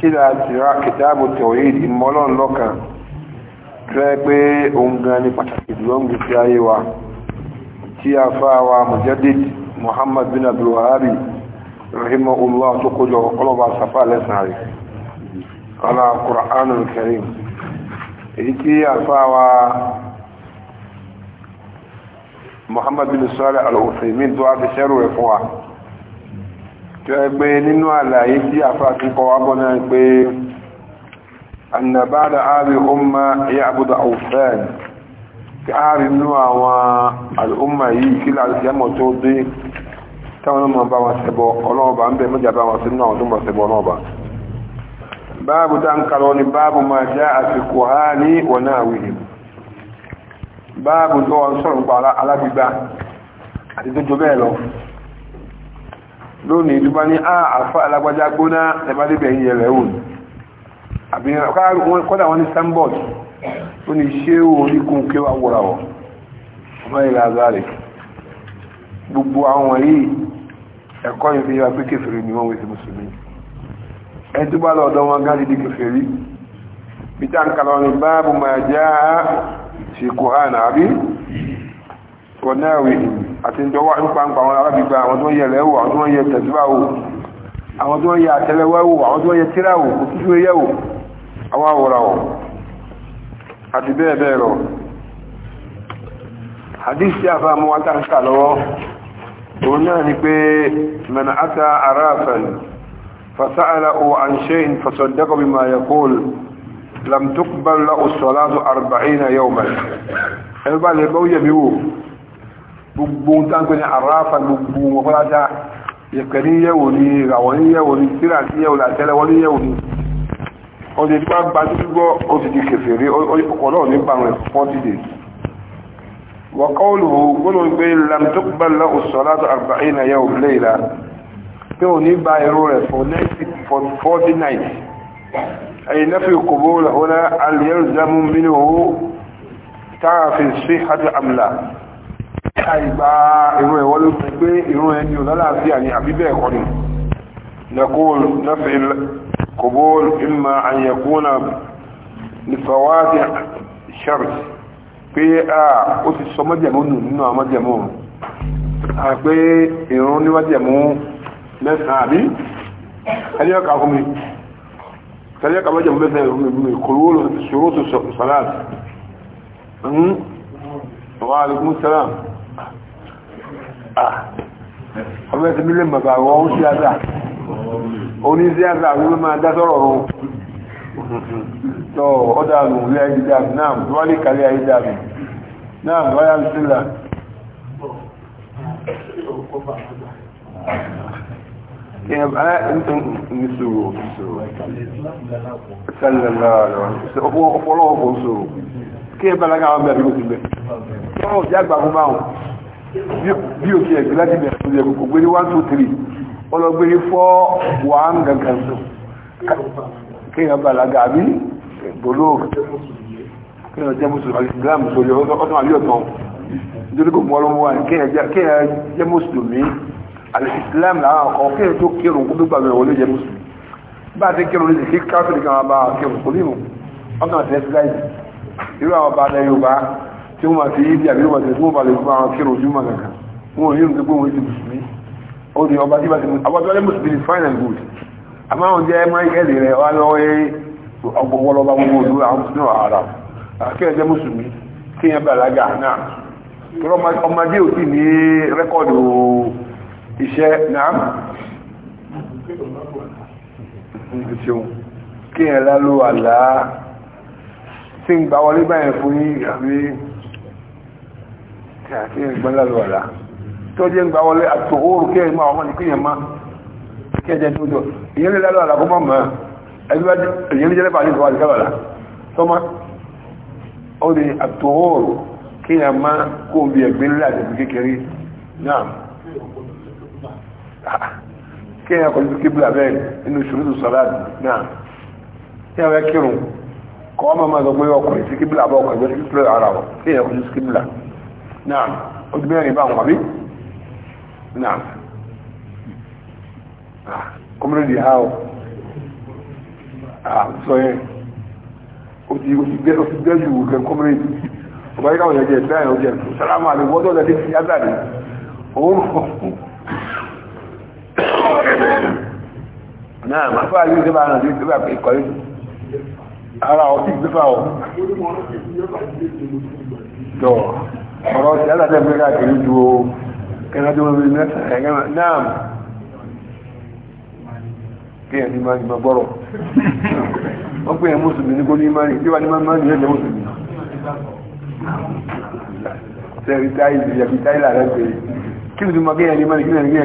kílà tìrá kìtàbù tawhid ìmọ́lọ́n lọ́kàn tẹ́ pé òun gan ní pàtàkì jùlọ ń gbèsè ayé wa tí a fà wa mujaddid muhammad bin abdul wahhab rahimahullah tó kójọ ọlọ́ba safa lẹ́sàn ala qur'anul karim èyí tí muhammad bin salih al-uthaymin tó a fi ṣẹ́rù rẹ̀ tó ẹgbẹ́ nínú àlàyé tí àfáàkì kọ wábọ́ náà pé annabada ààrẹ ọmọ ya àbúdó àwùfẹ́ẹ̀n tí ààrẹ nínú àwọn al'umma yìí kí láàrín tó dé táwọn ọmọ bá wọn ṣẹbọ ọlọ́ọ̀bá ń bẹ mẹ́jà bá wọn sí náà tó mọ̀ ṣẹbọ ọlọ́ọ̀bá báàbù lónìí tó bá ní á ah, àfá alágbájá gbóná ẹbá débẹ̀ yìí ẹ̀rẹ̀ òun àbí kọ́dà wọn ní sandboard ó ní ṣé òun ikun kí wá wọ́ra wọ̀ ọmọ ìlà azari gbogbo àwọn yìí ẹ̀kọ́ yìí fi pé kẹfìrí ni wọ́n wé sí mùsùlùmí ẹni tó bá lọ́ọ̀dọ́ wọn gáàdì di kẹfìrí bí táǹkà lọ ní báàbù máa já sí kòhánà àbí wọ̀náàwì àti ìjọwà ń pa ń pa àwọn arábìgbà àwọn tó ń yẹ lẹ́wọ̀ àwọn tó ń yẹ tẹ̀síwáwò àwọn tó ń yẹ àtẹlẹwẹ́wò àwọn tó ń yẹ tíráwò òtútù ẹyẹwò àwọn àwòràwọ̀ àti bẹ́ẹ̀ bẹ́ẹ̀ lọ hadith tí a fa mú lam tuqbal lahu salatu 40 yawman ẹgbẹ́ lè bọ́ yẹ̀mí wò gbogbo ń tán pé ní àráfà gbogbo wọn fọ́lájá yẹ̀kẹ́ ní yẹ̀wò ní ìràwọ̀ ní yẹ̀wò ní tíra ní yẹ̀wò látẹ́lẹwọ́ ní yẹ̀wò ní ọdún ìgbà gbajúgbọ́ ó ti di kèfèrè ọ̀pọ̀lọ́ ní bàrẹ̀ fọ́tí dé wọ́kọ́ọ̀lù gbọ́nà pé lamtọ́gbàlá òṣòlátò àgbàáyìnà yẹ̀wò léèlà tí ò ní gba èrò rẹ̀ fọ́ 49 ẹ̀yìn lẹ́fẹ̀ kòbó lọ́wọ́lá alìyẹ́rù jámú mínú táàfin sí hajj amla ká ìgbà irun ẹ̀ wọlé fún pé irun ẹni ò lálàáfíà ni àbí bẹ́ẹ̀ kọ́ ni nakul nafil kubul imma an yakuna nifawati shart pé a ó ti sọ mọ́jẹ̀mú nù nínú àwọn mọ́jẹ̀mú a pé irun ní mọ́jẹ̀mú mẹ́sàn-án àbí ẹni ọkà hmm? wa alaikum salam Ah. ọmọ ẹ̀sìn mílẹ̀ bàbá wọ́n ó sí àdá oní sí àdá wípé máa dá sọ́rọ̀ rún tọ́ ọ́dà nù ilé ayé dàbí náà wálé kàlẹ́ ayé dàbí náà wáyà sílà Kí ẹ bá lágbàwọn bẹ̀rẹ̀ ló ti bẹ̀. Wọ́n ò jẹ́ àgbà fún báwọn bí òkè ẹ̀gbẹ́ láti bẹ̀rẹ̀ tó yẹ kò gbé ní one two three ọlọ́gbé ní four one gangan so kéèyàn bàlágà àbí bolo kéèyàn jẹ́ mùsùlùmí alìsìlámù sórí ọdún àbí ọ̀tọ̀ nítorí kò mú ọlọ́mọ wa kéèyàn jẹ́ mùsùlùmí alìsìlámù làwọn ọkọ̀ kéèyàn tó kírun kó tó gbàgbé wọlé jẹ́ mùsùlùmí bá a ti kírun ní ìsìnkú káfíńkì kan bá kírun kò ní ìmọ̀ ọkàn àti ẹ̀sìláìsì irú àwọn bá a lẹ Yorùbá tí wọ́n máa fi yí di àbí wọ́n máa tẹ̀ tí wọ́n bá lè fún àwọn kírò ojúmọ̀ kankan wọ́n yí nígbà wọ́n ti mùsùlùmí ó di ọba tí bá ti mú àwọn tó lé mùsùlùmí fine and good àmọ́ àwọn jẹ́ máìkẹ́lì rẹ̀ wá lọ́wọ́ ọgbọ̀wọ́lọ́ba gbogbo olú àwọn mùsùlùmí àrà àkíyàn jẹ́ mùsùlùmí kí yẹn bàlágà náà tọ́rọ ọmọdé ò sì ní rẹ́kọ̀dù iṣẹ́ náà kí yẹn lálọ́ àlá tí ń gbà wọlé báyẹn fún yí àbí kí n gbọ́n lálọ́ ọ̀la tó jẹ́ ń gba wọlé àtòhóró kí ẹ̀yìn máa ọmọ ní kíyàn má kí ẹjẹ́ tó jọ ìyẹn lè lálọ́ ọ̀la kó mọ̀ mọ́ ẹgbẹ́ ìyẹn lè jẹ́lẹ́bà ní ìfọwọ́lẹ̀ kálọ̀ ọ̀la tó má ó di àtòhóró kí ẹ̀yàn má kó ń bí ẹgbẹ́ ńlá àti kékeré náà ah, kí ẹ̀yàn kọjú kíbla bẹ́ẹ̀ nínú ṣùrùtù sọ́láàdì náà kí ẹ̀yàn kírun kọ́ ọmọ máa sọ pé ọkùnrin sí kíbla bọ́ náà ó ti bẹ́ẹ̀ ní bá wọn àbí náà kọ́mọ́lẹ́ ah, di ha ọ́ ah, sọ yẹn ó ti bẹ́ẹ̀ ju kẹ́ kọ́mọ́lẹ́ yìí o yìí káwọn ẹ̀jẹ̀ bẹ́ẹ̀ ló jẹ́ sálámù àti wọ́dọ̀ lẹ́dí ti yá dàdí òun kọ̀ náà máa fẹ́ àyè ìjọba àrùn àti ìjọba ìkọ́lé ara ọtí ìgbéfà o jọ̀ọ́ ọ̀rọ̀ ti alàtẹ̀ mẹ́ta kìí ju o kẹ́kẹ́ tó rí mẹ́ta ẹ̀gẹ́ náà kí ẹ̀ ní máa ní máa bọ́rọ̀ wọ́n pè é mùsùlùmí ní kó ní máa ní ìjọba ní máa ní ẹ̀jẹ̀ mùsùlùmí sẹ́rí táì ìyàbí táì làrẹ́ pé kí ni mo kéèyàn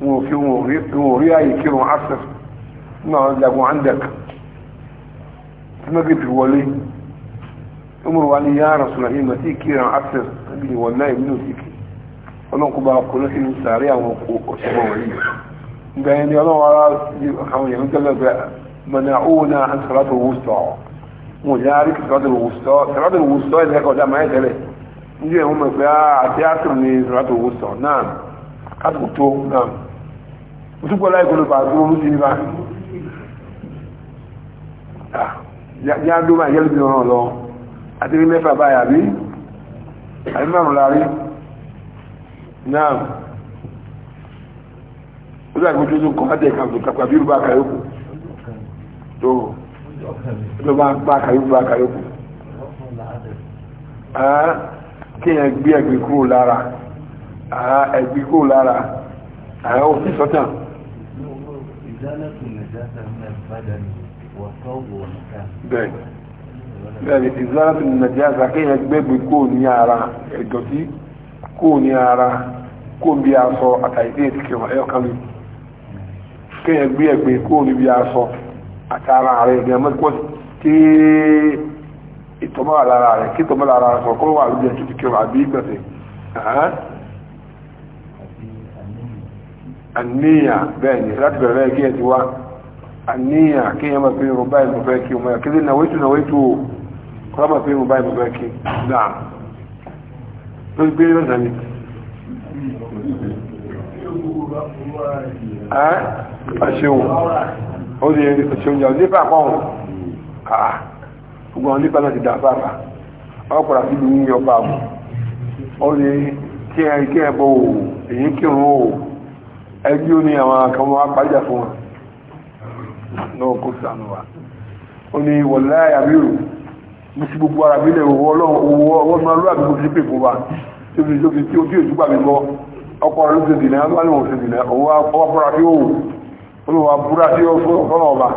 wọn fi wọn rí ààyè kírun asif náà jagun andek tí mẹ́gbẹ́ fi wọlé umar wa ni ya rasulullahi ma ti kírun asif níbi ni wọn náà ìmúlò sí kí ọlọ́run kó bá kó ló sínú sàárè àwọn òṣèlú wọ̀nyí nígbà yẹn ni ọlọ́run ara àwọn èèyàn ń tẹ́lẹ̀ bẹ́ẹ̀ mọ̀nà òun náà ń sọ̀rọ̀ tó wù sọ̀ wọn ò ní arí kí sọ̀rọ̀ tó wù sọ̀ sọ̀rọ̀ tó wù sọ̀ ẹ̀ lẹ́kọ̀ọ́ dá máa ń tẹ́lẹ̀ níbi ìwọ̀n mọ̀ pé àti àtúnni sọ̀rọ̀ tó wù sọ̀ náà kátó tó náà òtúpọ̀ láì kọlù bà tó mú sí ní bá ní àdó máa yẹ́lú bí ọ̀ràn lọ àti rí mẹ́fà báyà bí àbí márùn láàrí náà ó dàgbé tó tún kọ́ láti ẹ̀ka kàpà bí rúbá kàyókù tó ló bá bá kàyókù bá kàyókù ah, kí ẹ gbé ẹgbẹ́ kúrò lára ah, ẹgbẹ́ kúrò lára àwọn ah, òfin sọ́tàn ìdálẹ́kùn nàìjíríà ní ìbàdàn wọ̀tọ́wọ̀ nìkan. bẹ́ẹ̀ bẹ́ẹ̀ ni ìdálẹ́kùn nàìjíríà kéèyàn gbẹ́gbẹ́ kó ní ara ẹ̀dọ̀tí kó ní ara kó bí aṣọ àtàyèdè ìtìkẹwà ẹ̀yọkan mi kéèyàn gbé ẹ̀gbẹ́ kó ní bí aṣọ àtàrà rẹ̀ ẹ̀gbẹ́ mẹ́kọ́ tí ìtọ́mọ́ àlára rẹ̀ kí ìtọ́mọ́ àlára sọ kó wà lóde ẹ̀tìkẹwà àbí ìgbẹ̀sẹ̀ àníyàn bẹ́ẹ̀ ni láti bẹ̀rẹ̀ kí ẹ ti wá àníyàn kí ẹ máa fi irun báyìí mo fẹ́ kí ọmọ yàkí o kọ́ máa fi irun báyìí mo fẹ́ kí náà ló gbé yóò nàní. ẹ́ o, ó lè àṣeun jà nípa pọ́n gbogbo àwọn nípa náà ti dà fáfá ọkùnrin àti ìlú ń yọ bá a kí ẹ bọ̀ òòrùn èyí kírun òòrùn. ẹgbí ó ní àwọn akamọ́ apájá fún wọn náà kó sànù wa ó ní wọ̀lá àyàmírò mú sí gbogbo ara mílẹ̀ owó ọlọ́run máa lúwà gbogbo sí pè fún wa tí ó fi jókè tí ó tí òjú pàmì mọ́ ọkọ̀ rẹ̀ ló ti dìnà wọ́n ní wọ́n ti dìnà owó ọpọlọ tí ó wù ó ní wọ́n búra tí ó fọ́nà ọba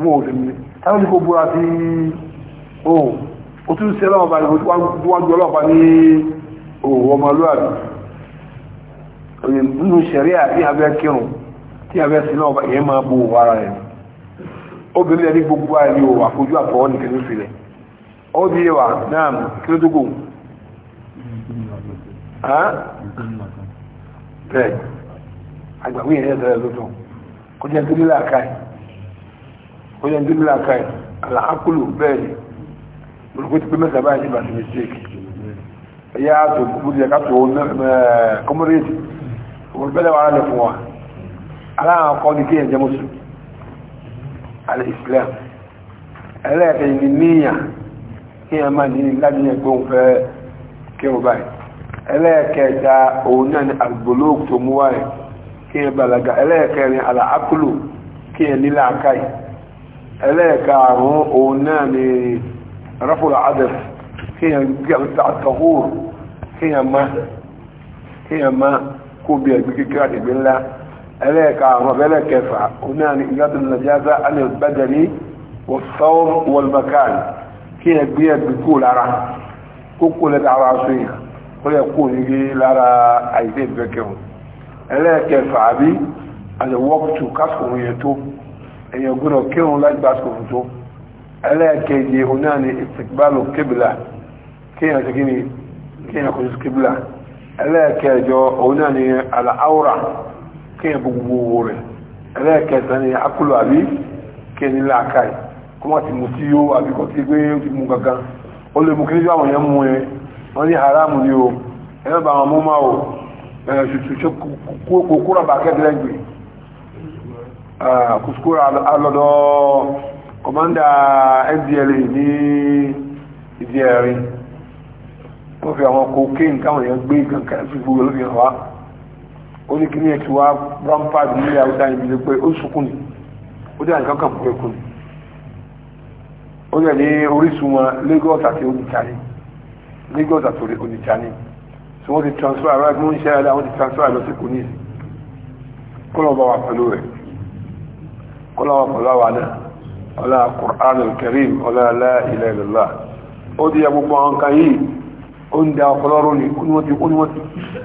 mú òun ti mi táwọn ní kó búra tí ó ó ọmọlúwàbí nínú sẹ̀ríà tí a fẹ́ kírun tí a fẹ́ sí náà yẹn máa bo òwò ara rẹ̀ obìnrin ẹni gbogbo ara ni òwò àfojú àtọwọ́ nìkan ní ìfilẹ̀ ó di ẹwà náà kí ló tó kù bẹ́ẹ̀ àgbàwí yẹn yẹn tẹ̀lé lọ́tọ̀ kọjá nítorí làákàyè kọjá nítorí làákàyè àlàákùlù bẹ́ẹ̀ ni olùkọ́ ti pé mẹ́ta báyìí ní bàtí mistake ẹ̀yà tó kúrú yẹ ká tó kọmọrẹ́tì òmùgbẹ́lẹ̀ wà lẹ̀ fún wa aláwọn ní kí ẹ̀jẹ̀ mọ́sùn alẹ́ ẹlẹ́ẹ̀kẹ́ ni níyàn kí ẹ máa ní lábíyàn tó fẹ́ kí o báyìí ẹlẹ́ẹ̀kẹta òun náà ni albolóòk tó mú kí ẹ balaga aka ka kó bí ẹgbẹ́ kékeré àdìgbẹ́ ńlá ẹlẹ́ẹ̀ka àwọn abẹ́lẹ̀ kẹfà onáàni ìgbàdùn nàìjíríà àni ìbẹ́dẹ̀ni wọ́n wọlmakan kí ẹgbẹ́ ẹgbẹ́ kó lára kó kó lẹ́ta ara aṣọ yìí kó lẹ́ kó níbi lára àìsí ìgbẹ́ kẹwọn ẹlẹ́ẹ̀kẹfà àbí àti wọ́pùtù kásìkòrò yẹn tó èèyàn gbọ́dọ̀ kírun lágbà sòrò tó ẹlẹ́ẹ̀kẹje onáàni ìsìnkú ẹlẹ́ẹ̀kẹjọ òun náà ni àlàáwòrà kí ẹ gbogbo owó rẹ̀ ẹlẹ́ẹ̀kẹta ni akúlù àbí kí ẹni láàkàì kó má ti mú tí yóò àbí kọ́ sí pé ó mú gangan ó lè mú kí níjọ́ àwọn mú ẹ wọ́n ní haramu ni o ẹ̀rọ bá wọn mú máa o ẹ̀rọ ṣùṣù kó kúrò bá kẹ́tẹ́rẹ́ gbé kúskúrò alọ́dọ̀ kọ̀mọ́ndà ndla ní ìdí wọ́n fi àwọn cocaine táwọn èèyàn gbé kankan fi gbogbo lórí hàn wá ó ní kíní ẹ̀tù wá rampart ní ilé haúsá yìí bíi pé ó sunkún ni ó dé àyíká kan fún ni ó yẹ ní orísun wọn Lagos àti Onitsha Lagos àti Onitsha ni tí wọ́n ti transfer ara ẹgbẹ́ oúnjẹ ẹ̀dá wọ́n ti transfer lọ sí kunis kọ́lọ̀ bá wà pẹ̀lú rẹ̀ kọ́lọ̀ wà pẹ̀lú àwọn náà ọlá Qur'an al-Karim ọlá la ilaha illallah ó di ya gbogbo àwọn oúnjẹ ọ̀pọ̀lọ́rọ̀ ni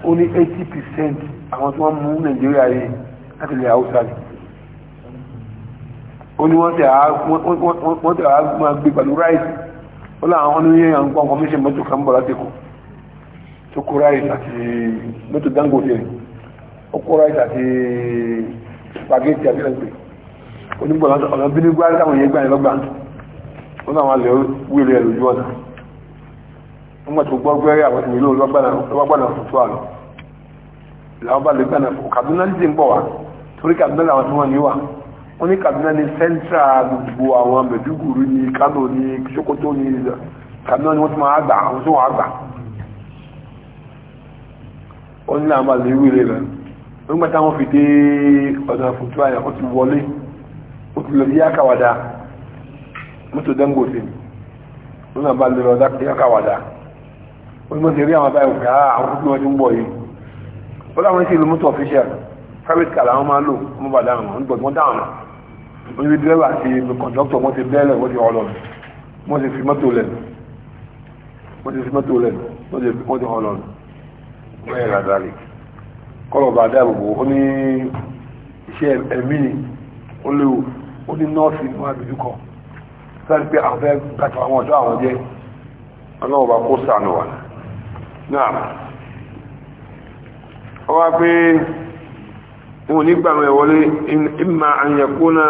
ó ní 80% àwọn tí wọ́n mú Nàìjíríà yìí láti ilẹ̀ Haúsá ni ó ní wọ́n tẹ̀ àá máa gbé pẹ̀lú ráìsì ó láwọn ọ̀nà yẹn à ń gbọ́n commission mọ́tò kan bọ̀ láti kù tó kó ráìsì àti mọ́tò Dangote ó kó ráìsì àti spaghetti àti ẹgbẹ́ onígbọ̀n ọ̀nà bí nígbà táwọn yẹn lọ́gbà ó láwọn alẹ́ wíìrì wọ́n tó gbọ́ gbẹ́rẹ́ àwọn ènìyàn ló lọ́gbàdà fòtó àlọ́ làwọn bá lè gbàdà fòtó Kaduna ní ti ń bọ̀ wá torí Kaduna làwọn tí wọ́n ní wà wọ́n ní Kaduna ní central gbogbo àwọn Mẹ̀dúgùrú ní Kano ní Sokoto ní Kaduna ni wọ́n ti máa gbà àwọn tó wà gbà wọ́n ní làwọn bá lè wí rẹ̀ rẹ̀ wọ́n gbà táwọn fi dé ọ̀dà fòtó àyà wọ́n ti wọlé wọ́n ti lọ onímọ̀ ti rí àwọn báyìí òkè ah, àwọn kúkú ọdún bọ̀ yìí ó láwọn sí ìlú mọ́tò official private car làwọn máa lò wọ́n bá dáhùn wọ́n gbọ̀gbọ́n dáhùn wọ́n ti dírẹ́wà àti kọ̀ǹdọ́tọ̀ wọ́n ti bẹ́ẹ̀lẹ̀ wọ́n ti ọlọ wọ́n ti fi mọ́tò lẹ̀ wọ́n ti fi mọ́tò lẹ̀ wọ́n ti wọ́n ti ọlọ wọ́n yẹ ládàrí kọ́lọ̀ bá dáàbò bò ó ní iṣẹ́ ẹ̀mí ó léwu ó ní nọ́ọ̀sì ní wọ́n á dojú kọ sáré pé àwọn fẹ́ gbàtọ̀ àwọn náà ọ wá pé wọn nígbà mẹ́ wọlé ìmà àyẹ̀kúnà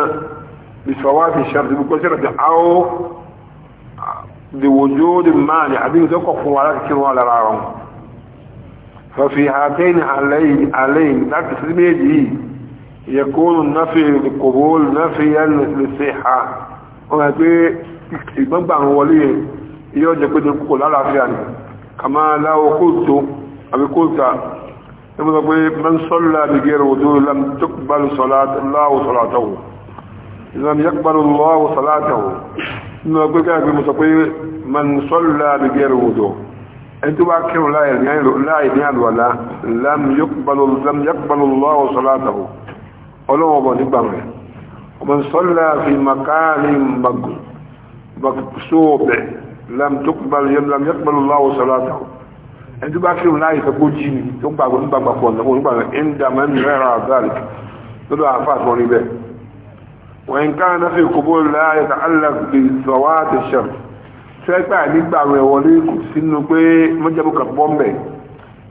ìṣọ̀wá ti ṣàrìtì gbogbo ṣẹ́rẹ̀ ti áwọ́ dìwòjó di máa ní àbí ìtọ́kọ̀ fún wa láti kírun alára wọn fọ́fí àtẹ́yìn àlẹ́yìn láti sí méjì yìí yẹ̀kúnù náfẹ́ ìkòbó náfẹ́ yẹn كما لو قلت أبي قلت من صلى بغير وضوء لم تقبل صلاة الله صلاته لم يقبل الله صلاته نقول كذا بمسقي من صلى بغير وضوء انتوا باكروا لا يعني لا يعني ولا لم يقبل لم يقبل الله صلاته ولو ابو نبر ومن صلى في مكان مكسوب lam tukbal lam yakbal Allahu salatahu ẹni tó bá kírun láàyè fẹ́ kó jí ni tó gbàgbọ́ nígbàgbà pọ̀ lọ́wọ́ nígbàgbà ẹ̀ńdà mẹ́rin rẹ́ra àgbàlì lọ́dọ̀ àáfà tó rí bẹ́ẹ̀ wọ́n ń káàná fi kòbó láàyè tá allah bí sọ̀wá ti ṣẹ̀m sẹ́gbà nígbà rẹ̀ wọlé kò sínú pé mọ́jàbù kan bọ́ mbẹ̀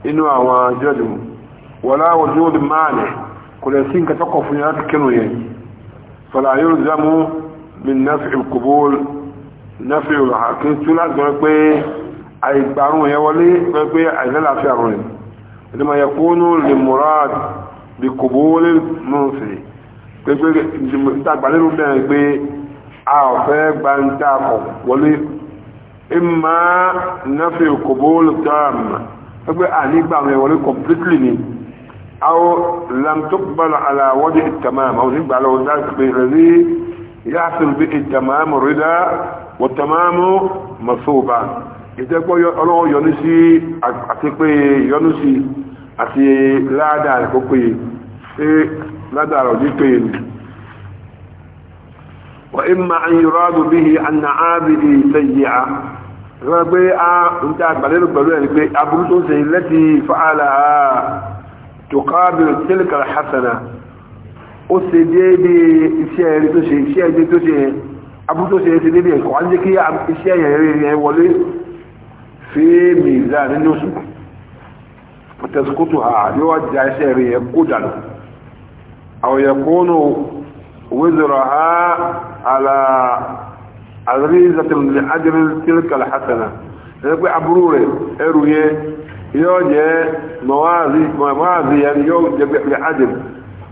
inú àwọn jọ́ọ̀dù wọ́lá wọ́n tó di máàlì kò lè sí nǹkan tó kọ̀ fún yàrá kírun yẹn fọlá yóò min nafi kòbó nafi olùhàkín tún láti gbọ́n pé àìgbàrún yẹn wọlé pẹ́ pé àìlẹ́láfíà rẹ̀ ìdímọ̀ yẹ kóónú lè murad bí kò bó wọlé mọ́ọ̀sì pé pé ìtàgbàlérò bẹ̀rẹ̀ pé a ò fẹ́ gba ń tà kọ̀ wọlé ìmọ̀ nafi kò bó wọlé tààmà pé pé ànígbàrún yẹn wọlé completely ni àwọn lamtọ́kùbọ̀lá àlàwọ́dì ìtàmà àwọn onígbàlọ́wọ́ dáàbò يحصل به rida الرضا والتمام مصوبا ìtẹ́pọ̀ ọlọ́wọ́ yọnu sí àti pé a sí àti ládàá kó péye ṣé ládàá rẹ̀ òjú péye ni wà ìmà àyìnrọ́dù bí i àna ábìrì sẹ́yìí à rẹ̀ pé a ń ta àgbàlérò pẹ̀lú ẹ̀rí pé aburú tó ń sẹ́yìn lẹ́tì fa'ala tòkábìrì tẹ́lẹ̀kàrà hasana ó ṣe déédéé iṣẹ́ eré tó ṣe iṣẹ́ ẹgbẹ́ tó ṣe abú tó ṣe ṣe déédéé ẹ̀kọ́ wájú kí iṣẹ́ yẹn eré wọlé fèémì ìlà nínú oṣù pọtẹsikoto ha yóò jẹ́ jẹ́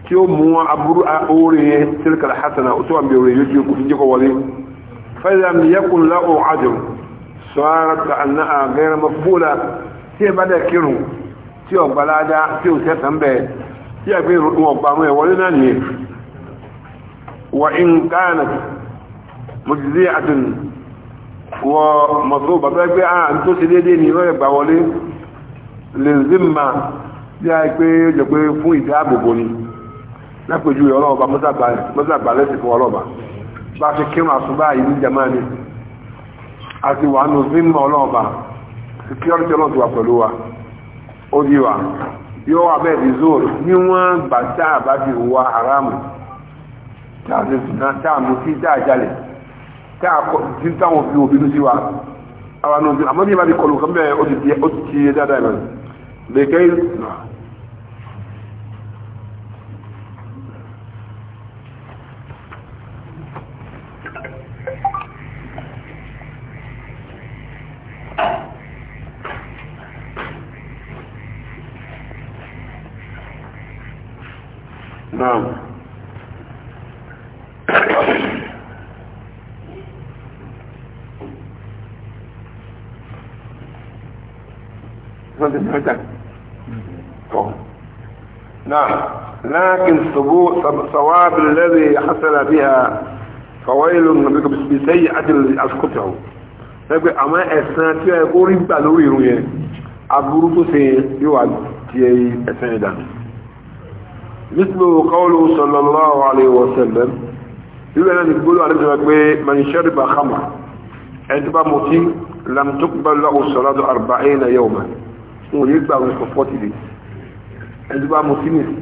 tí ó aburu a oore yẹn tilkal hasana ó tó wà bí oore yóò jẹ́ kó fi jẹ́ kó wọlé fẹ́lẹ́m yẹkùn láwọ̀ àjò sọ́ọ́rọ̀ ka àná àgẹ́rẹ́ mọ́ fúlà tí ẹ bá dẹ̀ kírun tí ó gbà ládá tí ó sẹ́sàn bẹ́ẹ̀ tí ẹ gbé wọn gbà wọn wọlé náà nìyẹn wà ń kánà mọ̀jísé àtún wọ mọ̀tò bàbá gbé zimma a pé jẹ́ pé fún ni lápẹjù ọlọ́ọ̀bá mọ́sàgbà lẹ́sìn fún ọlọ́ọ̀bá bá ṣe kírun àsùbá àti wà nù ọlọ́ọ̀bá security wà wa ó di wa yóò wà bẹ́ẹ̀ di tá a bá fi wà haramu tá a mú sí tá a jalè tá a kọ táwọn fi sí wa àwọn àmọ́ bí bá di kọlù kan bẹ́ẹ̀ ó ti نعم نعم لكن صواب الذي حصل بها فويل بسيئة أسكتعه لكن أما إحسان تيوى يقول ربا لوري رويه أبورو تسيئ يوى تيئي إحسان دانه مثل قوله صلى الله عليه وسلم يقول أن يقولوا على ذلك من شرب خمر عندما متين لم تقبل له صلاة أربعين يوما ويقبع من ففوت لي عندما متين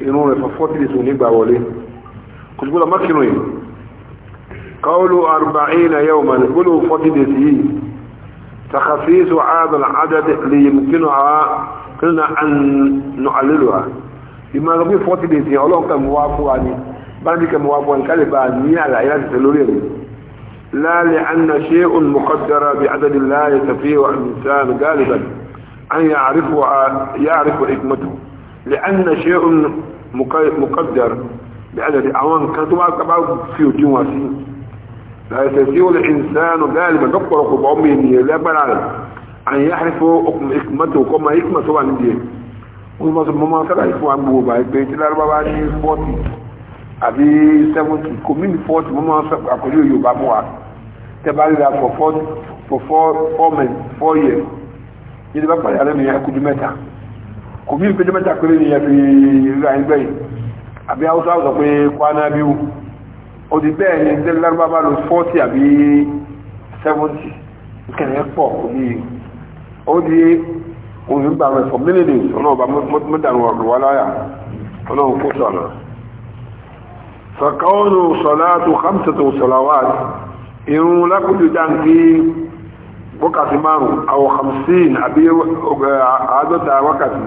ينون ففوت لي سنقبع ولي كنت أقول ما كنوا قولوا أربعين يوما يقولوا فوت لي تخصيص هذا العدد ليمكنها قلنا أن نعللها ìmọ̀ràn bí fọ́tí lè sìn ọlọ́run kàn mú wá fún wa ni báńkì kàn mú wá fún wa ní kálí bá ní àlàyé láti tẹ lórí ẹ̀mí. láàlẹ̀ anna ṣe òun mọ̀kọ́dára bí adadi láàyè tafiya wa ìmìtàn gálíbà an yà àrífò yà àrífò ìkmọ́tò lè anna ṣe òun mọ̀kọ́dára bí adadi àwọn nǹkan tó wá kábà fi òdi wọn sí. láyé tẹ̀sí wọn ìmìtàn gálíbà dọ́kọ̀rọ̀ kò bọ́ mi ènìyàn lẹ́gbẹ̀rẹ̀ an yà àrífò ìkmọ́tò kọ́ wọ́n mọ́ sọ mọ́mọ́ sálàyé fún agbègbè bá ẹgbẹ́ tí lárúbá bá ní fọ́ọ̀tì àbí sẹ́wọ́ntì kò mí ní fọ́ọ̀tì mọ́mọ́ àkọlé yorùbá mọ́ wa tẹ́bá rírà for four for four four men four years yíyí bá pàdé alẹ́ nìyẹn kudu mẹ́ta kò mí ní péjọ mẹ́ta péré nìyẹn fi rírà yín gbẹ̀yìn àbí haúsá sọ pé kwana bíwù òdì bẹ́ẹ̀ ni tẹ́lẹ̀ lárúbá bá lọ fọ́ọ̀tì àbí sẹ́wọ́ntì ìkẹ̀lẹ́ pọ̀ òdì òun ń gbà rẹ̀ for many days ọlọ́ọ̀bá mọ́dàrú ọ̀rọ̀ wá láyà ọlọ́run kó sọ̀nà fàkọ́ọ̀nù sọ̀lá tó hamsẹ̀tò sọ̀làwà irun lákòjú dáńkì wákàtí márùn àwọn hamsin àbí àádọ́ta wákàtí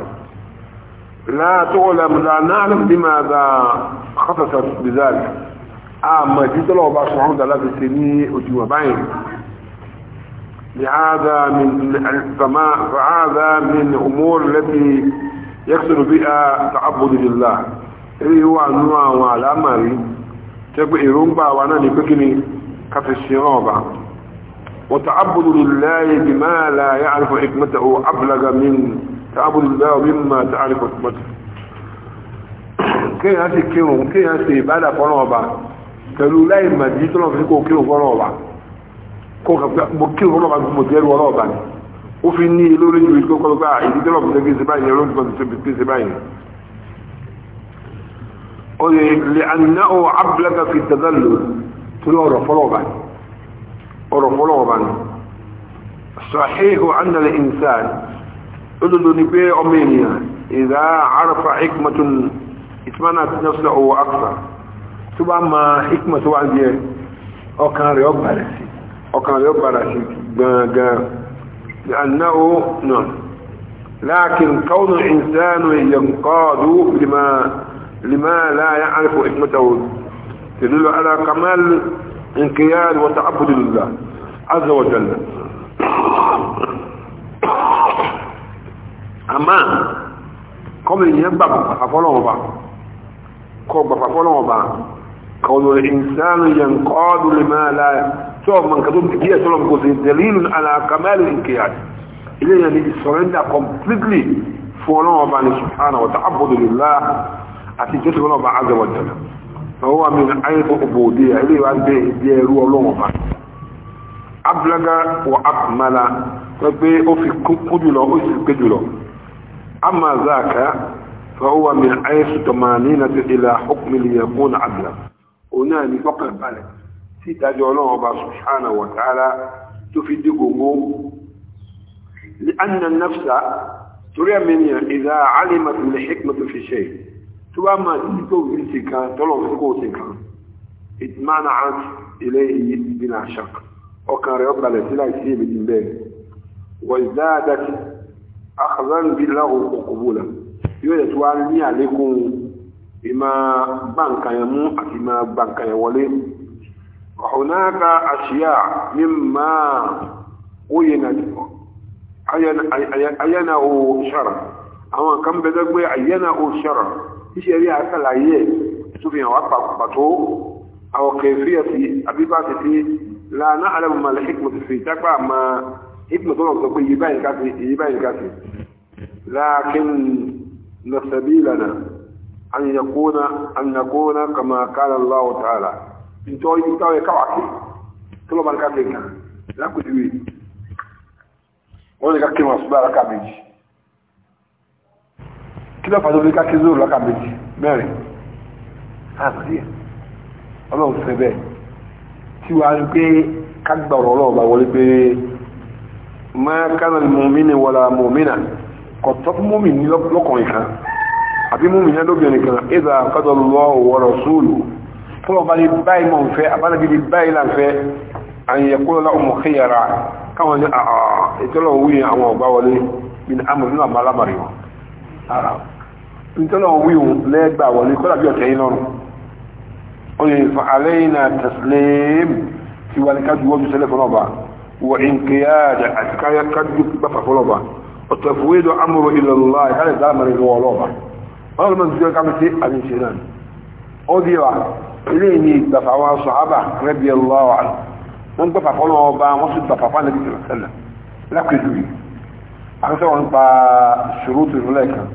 látọ́ ọ̀làmùdá náà lọ́pọ̀ bí máa dá kọ́sọ̀sọ̀ bìzáàlì àmọ̀ ìdítọ́lọ̀ لهذا من السماء فهذا من الأمور التي يقصد بها تعبد لله èyí wà nínú àwọn àlámàrí tẹ́ pé èròǹgbà wa náà ní pé ní kàfẹ́sìrán ọba wọ́n tààbùdù lìláyé bí máa láyé àrífọ̀ ìpínlẹ̀ o abúlaga mímú tààbùdù lìláyé bí máa tààrífọ̀ ìpínlẹ̀ kéèyàn sì kírun kéèyàn sì ìbádà fọ́nà ọba pẹ̀lú láì màjí tó lọ fi kó kírun fọ́nà ọba kó o kà pé mo kí o lọ́ba mo jẹ́rú ọlọ́ọ̀ba ni ó fi ní ilé olóyún ìlú kọ́kọ́ pé ah, ìdí tẹ́lọ̀ mi tẹ́kí ṣe báyìí ẹ̀rọ ìdíkọ́ ti ṣe báyìí. ó lè lè àná o abúlẹ́kà fi tẹ̀lé lò torí ọ̀rọ̀ fọlọ́ọ̀ba ni ọ̀rọ̀ fọlọ́ọ̀ba ni sàhíhù àndàlẹ̀ ìnsàn lódodo ni pé ọmọ ènìyàn ìdá àràfà hikmatun ìtumánà àti nọ́sílẹ̀ owó àkùsà tó bá ma hikmat wá jẹ ọkàn rẹ̀ ọgbà rẹ̀ sí ọkàn rẹ̀ padà sí gbọ̀ngàn annáwó náà láàkín kọ́nù ìsánù yankọ́dù lima láyá alifu ikmatawo tìlúlọ ala kamal nkiyar wata abudulula azza wa jalla àmá kọ́mù ìyẹn gbàgbàfọ́lọ́wọ́ba kọ́ gbàfọ́lọ́wọ́ba kọ́nù ìsánù yankọ́dù lima láyá ثم من كتب هي سلام قصي دليل على كمال الانقياد إلينا نجي surrender completely for الله سبحانه وتعبد لله àti tó tẹ́gbọ́n ọba azẹ́wọ̀jẹ̀lẹ̀ ọwọ́ àmì àyẹ̀kọ́ òbòdí ilé ìwà ń bẹ ìdí ẹrú ọlọ́wọ̀n ọba abúlága wà ákùnmára pẹ́pẹ́ ó fi kú jùlọ ó sì pé jùlọ àmà záàkà ọwọ́ àbìlà òun náà ní fọ́kànbalẹ̀ tí ìdájọ́ ọlọ́run ọba subhanahu wa ta'ala tó fi dí gbogbo li anna nafsa torí ẹ̀mí ni ìdá alimat min hikmatu fi shay tó bá máa ti tó fi ṣe kan tọ́lọ̀ fún kó ṣe kan ìtìmánà àti ilé iye ìbínà ṣak ọkàn rẹ̀ ọbalẹ̀ sí láìsí èmi bẹ́ẹ̀ وهناك أشياء مما أينه شرع أما كم بدك أينه شرع إيش يبي أكل عيه سبحان وقت بطو أو كيفية أبي باتي لا نعلم ما الحكمة في تقع ما حكمة الله تقول يبين كافي يبين كافي لكن سبيلنا أن يكون أن نكون كما قال الله تعالى ìjọ yìí táwọn ẹ̀ka wà pé tó lọ́ba ní ká lè gbà lápèjúwe wọ́n lè ká kí wọn ṣùgbọ́n aláka méjì kí lọ́ba tó lè ká kí zoro aláka méjì mẹ́rin àbúrí ẹ̀ ọlọ́run fẹ́ bẹ́ẹ̀ tí wàá rí pé ká gba ọ̀rọ̀ ọlọ́run bá wọlé pé má kánà mọ̀mínì wọlá mọ̀mínà kò tọ́ fún mọ̀mínì lọ́kùnrin kan àbí mọ̀mínì lóbìnrin kan ìdá qadallahu wa rasuluhu tọ́lọ̀ bá lè báyìí mọ̀ ń fẹ́ àbánàbí lè báyìí là ń fẹ́ àyẹ̀kọ́ lọ́wọ́ mọ̀ kí yàrá káwọn ní ìtọ́lọ̀ wíyìn àwọn ọ̀gbá wọlé min amòrò nínú àmà alámàrí wọn ara ìtọ́lọ̀ wíyìn lẹ́gbà wọlé kọ́lá bí ọ̀tẹ̀ yìí lọ́rùn ó lè fa àlẹ́yìnà tẹ̀sílẹ́m tí wà ní kájú wọ́n ju sẹ́lẹ̀ fọlọ́ba wọ ìnkìyàjà àti kájú gbàfà fọlọ́ba ọ̀tọ̀ ìfowóyèdò amòrò ìlọ̀lọ́lá ìhálẹ̀ dáàmàrí lọ́wọ́ ọlọ́ba ọlọ́ba ilé ní ìgbàfà àwọn sọ̀hábà rẹ́bí ọlọ́wà wọ́n gbàfà fọ́nà ọba wọ́n sì gbàfà fọ́nà ìgbàfà sẹ́lẹ̀ lápẹ̀lú yìí akẹ́sọ̀ wọn pa ṣòro tó rẹ̀ kan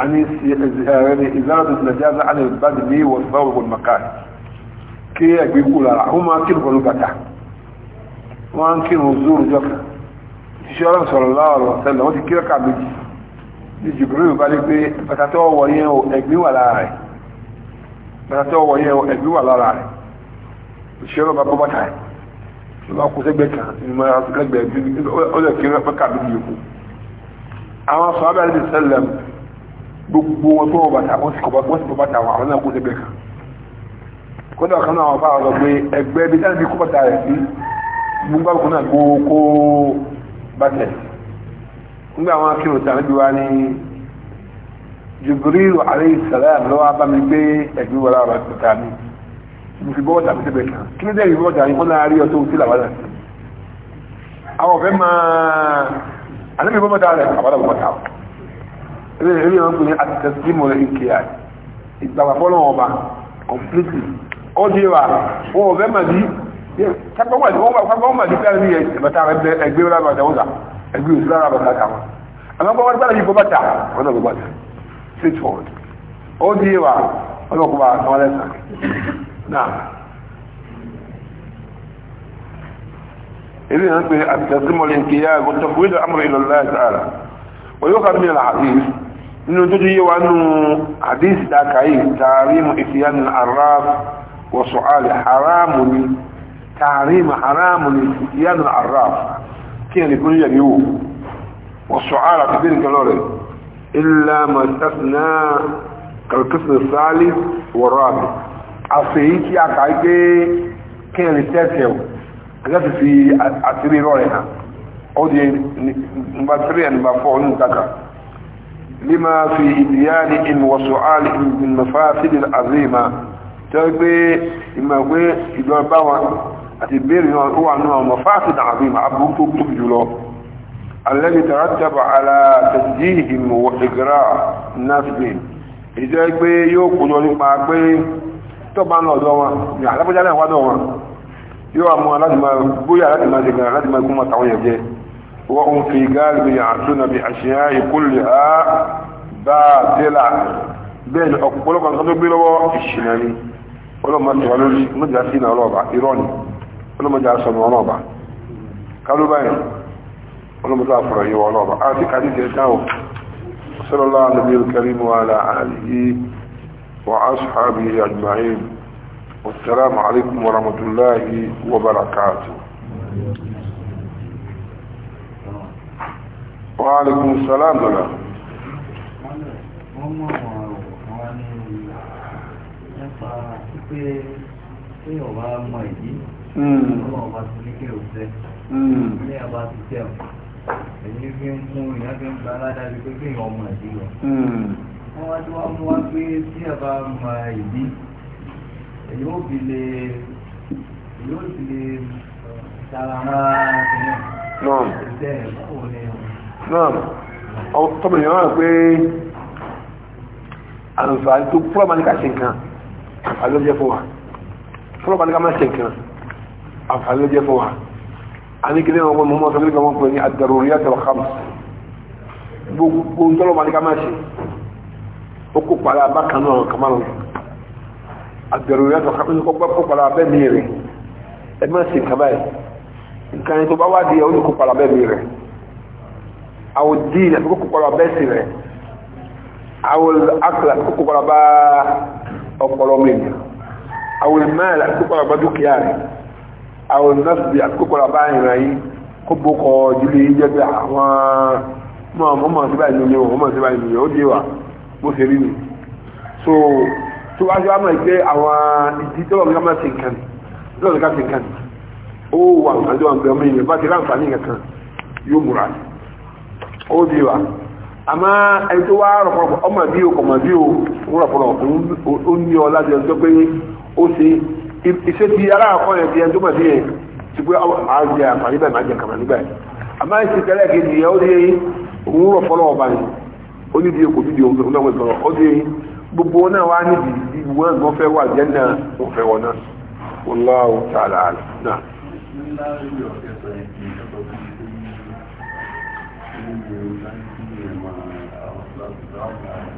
a ní ìzáàdù nàìjíríà alẹ́ ìbáàdì ní wọ́sibáwò wọn maka kí ẹgbẹ́ kú lára àwọn máa kírun pẹ̀lú bàtà wọ́n ń kírun zóòrù jọ́kà ṣiṣẹ́ ọlọ́run sọ̀rọ̀ láwọ̀rọ̀ sẹ́lẹ̀ wọ́n ti kí bàtà tó wọ yẹ ẹbí wà lára rẹ̀ òṣìṣẹ́ lọ́ba bọ́ bàtà ẹ̀ lọ́ba kó sẹ́gbẹ̀ kan nínú ara tó kẹ́gbẹ̀ ẹbí ó lè kiri ẹ̀fẹ́ kàdú yìí kú. àwọn sọ abẹ́rẹ́ ti sẹ́lẹ̀m gbogbo wọn tó wọ bàtà wọn sì kọ bàtà wọn àwọn náà kó sẹ́gbẹ̀ kan. kódà kan náà wọn fáwọn lọ pé ẹgbẹ́ ibi táwọn ti kó bàtà rẹ̀ sí gbogbo àbùkù náà kó bàtà nígbà wọn kí jibril alayhi salam ló wá bá mi gbé ẹ̀gbẹ́ wọlé ọ̀rọ̀ ìpìtà mi mo fi bọ́wọ́ tàbí síbẹ̀ kan kí ló dé ìbí bọ́jà yìí wọ́n náà rí ọtọ́ òsì làwọn náà àwọn ọ̀fẹ́ máa àlébí bọ́mọ̀ dáa rẹ̀ àwọn ọ̀bọ̀ tà ilé ìrírí wọn kò ní àtẹ̀sí mọ̀ ìkè à ìgbàgbà fọ́lọ́ ọba completely ó di wa wọn ọ̀fẹ́ mà bí sábàwọ̀ àti wọn wọ́n mà bí pẹ́ẹ́rẹ́ straightforward ó di wa ọlọ́kùnbà àwọn ẹlẹ́sà náà ilé ìrántí àtẹ̀símọ̀lì nkìyà ẹ̀gbọ́n tó fún ìdá amúrò ìlọ láìsáàlá oyó kan mìíràn àdìs nínú tó ti yé wa nù àdìs dákàáyì tààrímù ìfìyànù àràf wọ̀sọ̀ àlè haramu ni tààrímù haramu ni na àràf nke إلا ما استثنى القسم الثالث والرابع أصيحي أكايكي كان لتاتيو هذا في أسري رؤيها أودي مبتري أن مفعول ذكر لما في إديان وسؤال من مفاسد العظيمة تقول إما قول إدوان باوان أتبير هو أنه مفاسد عظيمة أبوكو بجلو الذي ترتب على تنجيهم وإقراء الناس بهم إذا يقول يوكل ونقبع طبعا نوضوا يحلبوا جانا وانوا يو ما لازم بويا لازم ذكر لازم يكون متعوية جي وهم في قلب يعطون بأشياء كلها باطلة بين أقولك أن تدو بلو الشناني ولما تعلوا لي مجاسين أولوبا إيراني ولما جاسين أولوبا قالوا بين ولم تغفر أيها الله أعطيك حديث يتاو صلى الله على النبي الكريم وعلى آله وأصحابه أجمعين والسلام عليكم ورحمة الله وبركاته وعليكم السلام لنا Mm èyí fi ń kún ìyá fi ń gba aládàbí pé kéèyàn ọmọ ẹ̀dí lọ. Hmm. wọ́n wá tí wọ́n mú wá pé tí ẹ bá mọ ìdí èyí ó fi lè èyí ó fi lè ṣàlàmà eh, ìyẹn. náà ìṣe ẹ̀ báwo ni. náà tọ́mọ̀nìyàn náà pé àlùfáà tó fúlọ́mà ní ká ṣe nǹkan àlọ́ jẹ́ fún wa fúlọ́mà ní ká má ṣe nǹkan àlọ́ jẹ́ fún wa ani kelen wọn mọ mọ sọgbẹni kan wọn pè ní adaruriya dalham gbogbo ntọ́lọ́ ma ní ká máa ṣe ó kó padà bá kan náà kà máa lọ adaruriya dalham ó ní kó gbọ́ kó padà bẹ́ẹ̀ mi rẹ̀ ẹ má ṣe kaba yẹ nǹkan yẹn tó bá wá di yẹ ó ní kó padà bẹ́ẹ̀ mi rẹ̀ àwọn díì náà kó padà bẹ́ẹ̀ sí rẹ̀ àwọn akla kó padà bá ọpọlọ mi àwọn mẹ́ẹ̀lá kó padà bá dúkìá rẹ̀ àwọn nọ́ọ̀sì àti kókòrò àbáyìn rẹ̀ yìí kó bókọ ìdílé yìí jẹ́ pé àwọn mọ̀mọ́ sí báyìí Sibayi, wọn mọ̀mọ́ sí báyìí lóye ó dé wà bó ṣe rí ni so tó wá sí wá mọ̀ pé àwọn ìdí tó wọn kámá ti kàn lọ́dọ̀ ká ti kàn ó wà nǹkan tó wà ń bẹ ọmọ ìyẹn bá ti láǹfààní kankan yóò múra ó dé wà àmọ́ ẹni tó wá rọ̀pọ̀lọpọ̀ ọmọ bí o kọ̀mọ̀ bí o ń rọ̀pọ̀lọpọ̀ ní ọ láti ẹni tó pé ó ṣe ìṣe ti aláàkọ́ yẹn ti ẹni tó yẹn ti pé máa jẹ àǹfààní bẹ́ẹ̀ kàmà nígbà yẹn àmọ́ ìṣe tẹ́lẹ̀ kejì yẹn ó dé òun rọ̀ fọ́lọ́ ọba yìí ó kò òun náà sọ̀rọ̀ ó gbogbo náà wá nídìí ìwé ẹ̀gbọ́n fẹ́ wà jẹ́ náà wọ́n fẹ́ wallahu ta'ala náà. Thank you.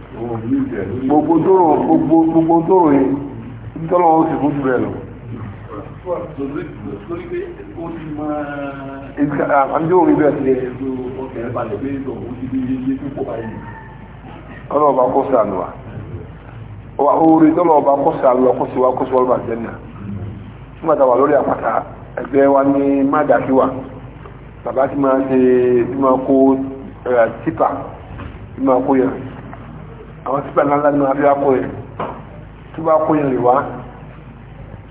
gbogbo tóró gbogbo gbogbo tóró yẹn tọ́lọ́ ó sì fún jù rẹ̀ lọ. àmì òní bẹ́ẹ̀ ti yẹ. ọlọ́ọ̀bá kó sànù wa oore tọ́lọ́ọ̀bá kó sànù wa kó sì wá kó sì wọ́n bá jẹ́ nà nígbà tá a wà lórí àpáta ẹgbẹ́ wa ní mádàkíwà bàbá ti máa ṣe ti máa kó tipa ti máa kó yẹn àwọn típà ńlá ní abíyá kó yẹn tí bá kó yẹn lè wá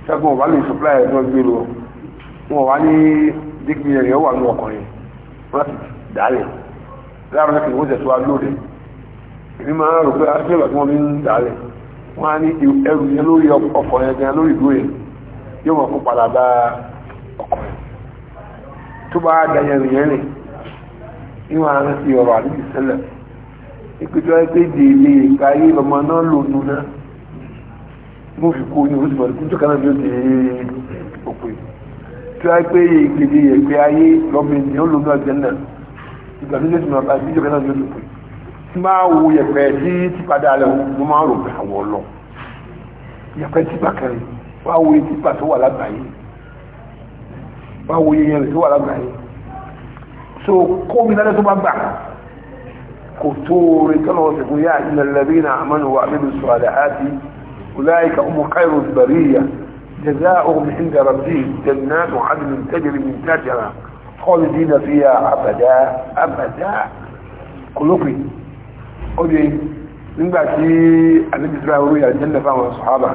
ṣẹ́gun ọ̀bá lè supply ẹ̀ náà gbé wọn wá ní dígbì yẹn wà ní ọkùnrin wọn ti dálẹ̀ láàrín ẹ̀kẹ́ wọ́n tẹ̀síwá lóde èmi máa rò pé aṣọ ìgbà tí wọ́n fi ń dálẹ̀ wọ́n á ní ẹrù yẹn lórí ọkọ̀ yẹn gan lórí ìlú yẹn yóò mọ̀ fún padà bá ọkọ̀ tó bá dá yẹn rìn yẹn rìn níwọ̀n ọ̀rọ̀ àdúgbò sẹ́lẹ̀ ìpéjọ ẹgbẹ́ ìdèlè ìkáyé ọmọ náà lòdù náà mo fi kó ní oṣù mọ̀lẹ́kùn tó kánà bí ó ti òpin tí wọ́n pé ìpèdè ìpè ayé lọ́mọ ènìyàn lòdù ọ̀jẹ̀ náà ìgbà tó lẹ́sìn náà báyìí tó kánà bí ó ti òpin tí máa wo yẹ̀pẹ̀ tí ti padà rẹ̀ mo máa rò pé àwọ̀ lọ yẹ̀pẹ̀ tí bàkẹ́rẹ̀ wọ́n á wo etí pàtó wà lágbàáyé wọ́n á wo yẹ̀yẹ̀ rẹ̀ tó wà lágbàáyé so kó mi lálẹ́ tó bá gbà كتور كانوا وصفوا يا إن الذين آمنوا وعملوا الصالحات أولئك هم خير البرية جزاؤهم عند ربهم جنات عدن تجري من تاجرة خالدين فيها أبدا أبدا كلوبي في nígbà من àníbi tí láwọn orí àjẹ́lẹ̀ fáwọn ṣàhábà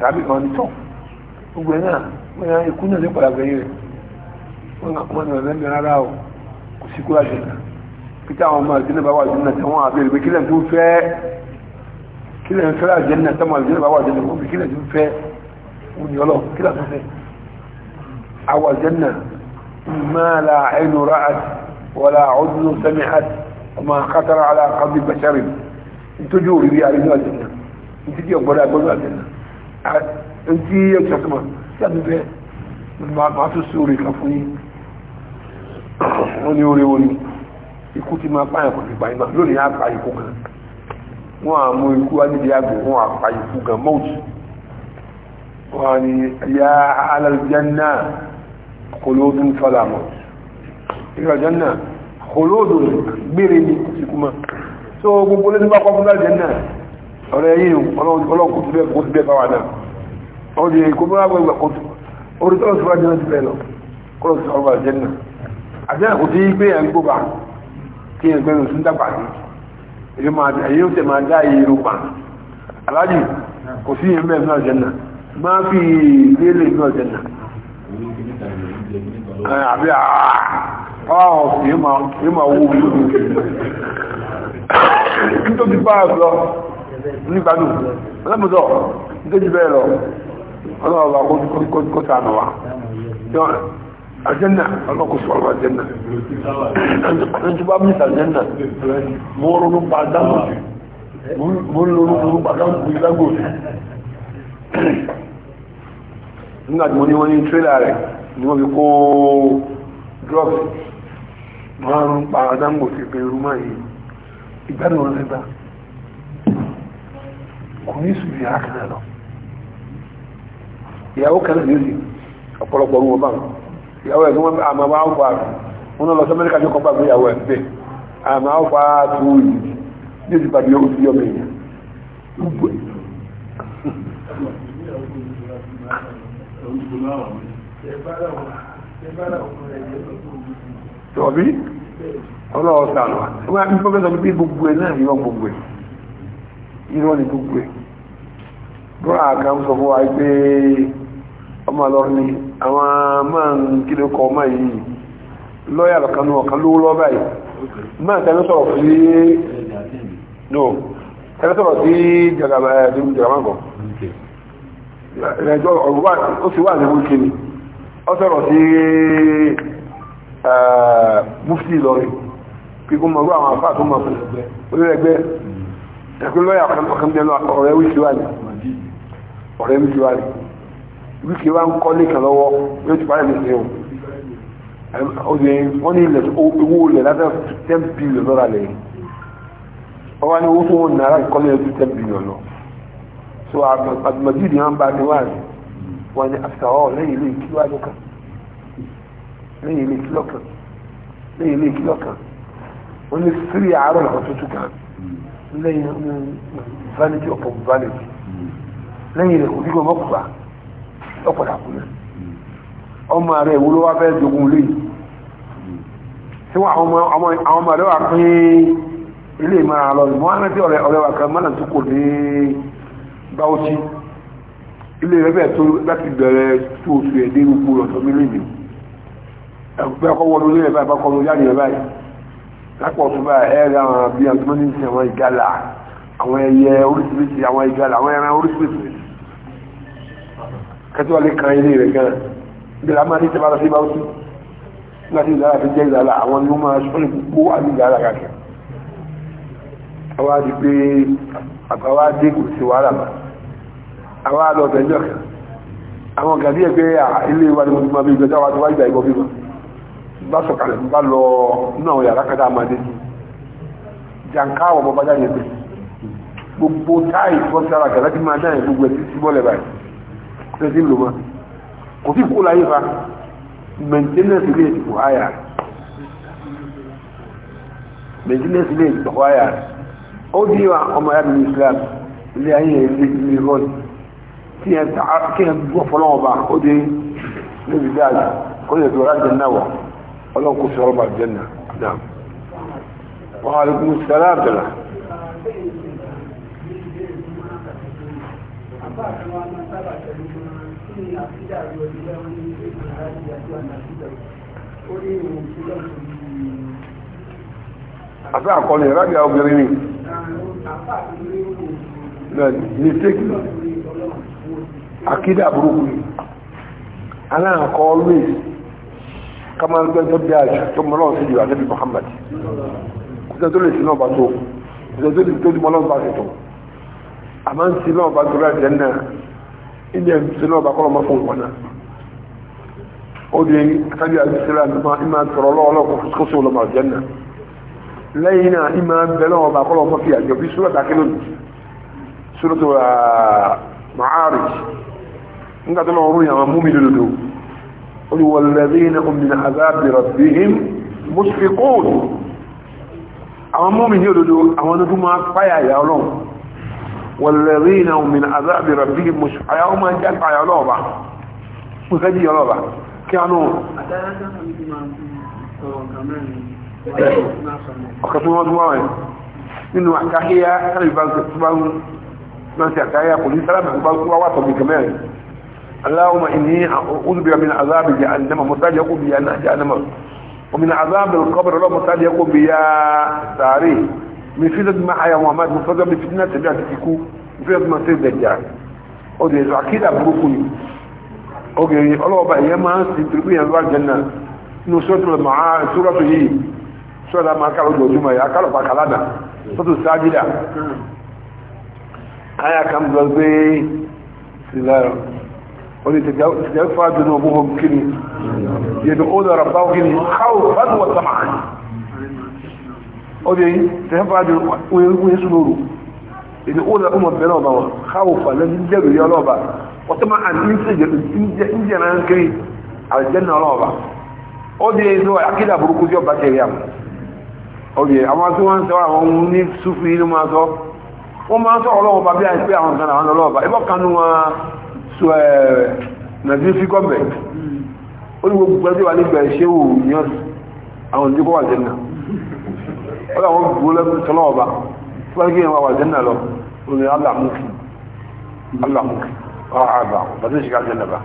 سابق kan nítọ̀ gbogbo ما يكون yá ikú náà ní pàdàgbẹ̀yìn rẹ̀ kò sí kó lájọ náà peter àwọn ọmọ àjẹnà bá wà àjẹnà tí wọn àbẹ̀rẹ̀ pé kílẹ̀ tó fẹ́ kílẹ̀ ń fẹ́ àjẹnà tọ́mọ àjẹnà bá wà àjẹnà wọn fi kílẹ̀ tó fẹ́ òní ọlọ kílẹ̀ tó fẹ́ àwọn àjẹnà máa la ẹnu ra àti ọdún sẹ́mi àti ọmọ akátara alá kábí bàṣẹ́rì nítorí òrìrí àrídọ́ àjẹnà nítorí ọgbọ́dọ̀ àgbọ́dọ̀ àjẹnà àti ẹni tí yóò tẹ̀sán wọ́n ní orí orí ikú ti máa pààyàn kò ti gbà iná lónìí á pa ikú gan wọ́n á mú ikú wá nídìí àgbò wọ́n á pa ikú gan mọ́ọ̀tì wọ́n á ní ya alàlùjánná kòlóòdù fọlá mọ́ ìrọ̀jánná kòlóòdù gbére ní kò sí kúmọ́ so gbogbo lẹ́nu bá kọ́ fún lálùjánná ọ̀rẹ́ yìí orí tó wájú náà ti bẹ́ẹ̀ lọ kó lọ sí ọ̀rọ̀ àti àkó tí gbé ẹ̀ ń gbóba kí ẹ̀ gbẹ́rù sún dàgbà ní èyí ó tẹ̀ máa dá iye ló pa aláàjì kò sí ìyẹn mẹ́rin náà jẹ́nà máa fi ìgbélé náà jẹ́nà àbí àwọn ọ̀sìn yóò máa wó orí nítorí bá lọ nígbàdùn ọlọ́mọdọ̀ nítorí bẹ́ẹ̀ lọ ọlọ́ọ̀lọ́ kó sànà aljanna Allah kò sọ ọ̀rọ̀ aljanna ẹni tó bá mú ìta aljanna mo ronú pa dáńgòtì mo ń ronú ronú pa dáńgòtì nígbà tí mo ní wọ́n ní tírélà rẹ̀ ni wọ́n fi kó drugs mo ń ronú pa dáńgòtì pé irú máa yìí kò ní sùn ìyá ìyàwó kan ní ọ̀pọ̀lọpọ̀ ọ̀rùn ọba ìyàwó ẹ̀ wọ́n àmà máa ń fa wọn lọ sí amẹ́ríkà ní kọ́pà fún ìyàwó ẹ̀ bẹ́ẹ̀ àmà ń fa tó yìí ní ti pàdé ó fi ọmọ èèyàn gbogbo ẹ̀. tọ́bí ọlọ́wọ́ sànù wa ní pọ́fẹ́sọ bí gbogbo ẹ̀ náà yíwọ́n gbogbo ẹ̀ yíwọ́n ni gbogbo ẹ̀ bọ́ra kan sọ fún wa pé ọmọ lọ́rin ni àwọn máa ń kílé kọ ọmọ yìí lọ́yà lọ́kanú ọ̀kan lówó lọ́ báyìí máa tẹ́lẹ́ sọ̀rọ̀ sí no tẹ́lẹ́ sọ̀rọ̀ sí jàgàmàgọ̀ ẹjọ́ ó sì wà ní wíkì ni ó sọ̀rọ̀ sí mufti lọ́rin kíkún mọ̀rú àwọn àfáà tó mọ̀ fún olóògbé ẹ̀kú lọ́yà ọ̀kan wíkì wá ń kọ́ lẹ́kàn lọ́wọ́ yóò ti parí lẹ́sẹ̀ o obìnrin wọ́n ní ilẹ̀ owó ilẹ̀ lábẹ́ ten billion lọ́ra lẹ́yìn wọ́n ní owó tó wọn nàrà ìkọ́lé ẹ̀ ju ten billion lọ so àgbàmọ̀jìdì wọn bá ní wáàrí wọn ni àfisàwọ̀ lẹ́yìn ilé ìkílọ̀ àjọkàn lẹ́yìn ilé ìkílọ̀ kan lẹ́yìn ilé ìkílọ̀ kan wọ́n ní sírí àárọ̀ làwọn tó tún kan lẹ́yìn mm, vanity upon vanity lẹ́yìn ilẹ̀ kò ọ̀pọ̀dà kú náà ọmọ rẹ̀ ìwúlò wá fẹ́ jogun lè tí wọ́n àwọn ọmọ rẹ̀ wà pín ilé ìmára lọ ìmọ̀ wọn rántí ọ̀rẹ́ wà kan mọ́nà tó kò ní báwọ́tí ilé rẹ̀ bẹ̀ tó láti bẹ̀rẹ̀ tó oṣù ẹ̀dẹ́ gbogbo ọ̀tọ̀ mílíọ̀nù mi ẹgbẹ́ ọkọ̀ wọlé ilé ẹ̀bá ẹ̀bá kọ́ ló yára ẹ̀bá yìí lápò ọ̀tún bá ẹ̀rẹ́ àwọn bí i àgbọ́n ní ti àwọn ìgalà àwọn ẹyẹ oríṣiríṣi àwọn ìgalà àwọn ẹran oríṣiríṣi kẹtù wà lè kan ilé rẹ̀ gan ìbílẹ̀ amáyé tẹ́ bá lọ sí bá wọ́sí láti ìdára fi jẹ́ ìdára àwọn ni ó máa sọ́lẹ̀ gbogbo wà ní ìdára kàkẹ́ àwa di pé àgbàwá dé kò sí wàhálà mà àwa lọ bẹ̀jọ́ kan àwọn gàdí ẹgbẹ́ ilé wa ni mo ti máa bí ìgbẹ́jọ́ wa ti wá ìgbà ìgbọ́ bí bá sọ̀kalẹ̀ bá lọ nínú àwọn yàrá kẹta máa dé jàǹká àwọn ọmọ bá jáde gbogbo táì bọ́sára gàdájú máa dáyẹ̀ gbogbo ẹ̀ tẹ́sí lò wọn kò sí fúkú láyé fa maintenance lè kò áyà maintenance lè kò áyà ó dí wa ọmọ ya nínú Islam ilé ayé ilé ilé rọ́ọ̀dì kí ẹ gbọ́ fọlọ́wọ́ bá ó dé níbi dáàdì kó yẹ tó rájẹ náà wọ ọlọ́run kò bá jẹ́ náà Thank you àfíjà yọ ìgbẹ́ wọn ní ètò àti àti àtàkùjà ó ní ìwọ̀n ìṣúná tó ní àti àkọlẹ̀ ìrábíà obìnrin ni mistake akídà burúkú ni aláàkọ́ always kama ń bí àjò tó mọ́ lọ́wọ́ sí jù àdébì Muhammad kúta tó lè sí náà bá tó kúta tó lè tó dí mọ́ lọ́wọ́ bá tó àmá ń sí náà bá tó rẹ̀ jẹ́ náà ilé ẹ̀dùsílẹ̀ ọba kọ́ ọmọ fún wọn ó di kájú àdùsílẹ̀ àdùmá ìmọ̀ àtọ̀rọ̀ lọ́wọ́lọ́ kò fún sọ́sọ́ ọlọ́mọ àjẹ́nà lẹ́yìn náà ìmọ̀ bẹ̀rẹ̀ ọba kọ́ ọmọ fi àjọ bí sọ́rọ̀ dákẹ́lẹ́ òní sọ́rọ̀ tó wà mọ́árì nígbà tó lọ́wọ́ ròyìn àwọn múmi lòdò ó ní wọ́n lẹ́yìn náà òmìnira àzáàbì rabbihim mushfiqun àwọn múmi ní òdòdó àwọn ọdún máa والذين هم من عذاب ربهم مش يوم جاءت على لوبا وكدي لوبا كانوا وكتبوا مجموعين إنه أحكاية كان يبقى من تحكاية قل سلام يبقى وواطب بكمان اللهم إني أذبر من عذاب جهنم مرتاج يقوم بيا جهنم ومن عذاب القبر اللهم مرتاج يقوم بيا تاريخ من فتنة ما حيا محمد من فتنة من فتنة تبيع تكيكو من فتنة ما سيد دجال ó di ẹ̀sùn àkídà burúkú ni obìnrin ọlọ́ọ̀bá ìyẹn máa ń sin tìrìbí ìyẹn lọ́wọ́ jẹ́nà inú sọ́tùlọ̀ máa sọ́rọ̀tù yìí sọ́dá máa kálọ̀ lójúmọ̀ yà kálọ̀ pa kàládà sọ́tù sáájídà káyà kan lọ gbé sílára ó di tẹ̀jẹ́ fàájú ní ọgbọ́n kí ni yẹ̀dùn ó lọ́rọ̀ bá kí ni káwọ̀ bá obìnrin tẹ́fàájú wọ́n sún lóru èdè ó lọ́pọ̀ mọ̀bẹ̀rẹ̀ ọba wọn káwọ̀fà lẹ́nu jẹ́rù yọ lọ́ọ̀bà wọ́n máa àti ìjẹ̀nà ń kiri àjẹ́nà lọ́ọ̀bà obìnrin tó àkídà burúkú tí ó bá tẹ̀lé obìnrin àwọn tí wọ́n ń sọ àwọn ohun ní súfì inú máa sọ wọ́n máa sọ ọlọ́wọ́ bí àwọn kan àwọn kanú wọn sọ ẹ̀ nàìjíríà wọ́n làwọn gbogbo lẹ́kùn tọ́lọ́ ọba tó bá gé wọn wà jẹ́nà lọ olè alàmúkì alàmúkì ọ̀hàbà bàtí ìṣìkà jẹ́nà bá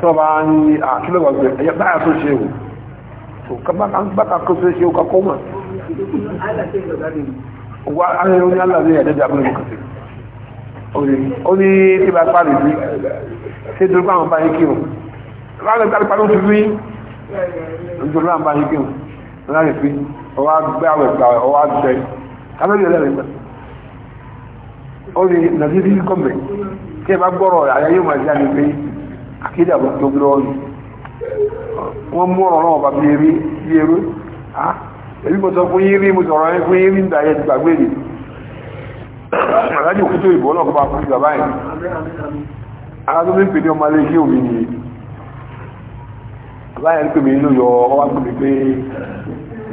tó bá ń ní àkílọ̀wà gbé ẹ̀yẹ báyà tó ṣe wò tó kábàkà kó tó ṣe wò kakọ́ mọ̀ wà ayẹyẹ oní alàdé ẹ̀dẹ́dẹ́ abúlé mọ̀ kàtí ó ní tí bá pàdé sí ṣé dúró ọwá gbáwẹ̀ gbáwẹ̀ ọwá gbẹ kábẹ́bí ẹlẹ́rìn gbẹ ó ní tí ẹ bá gbọ́rọ̀ máa pé àkídà bó tó gbé wọ́n mú ọ̀rọ̀ náà bá bí eré mo sọ fún mo sọ̀rọ̀ fún ni àlájì òkútó ìbò náà kọ́ bá fún ìgbàbá yìí alájọ́ mi ń pè ní ọmọ alẹ́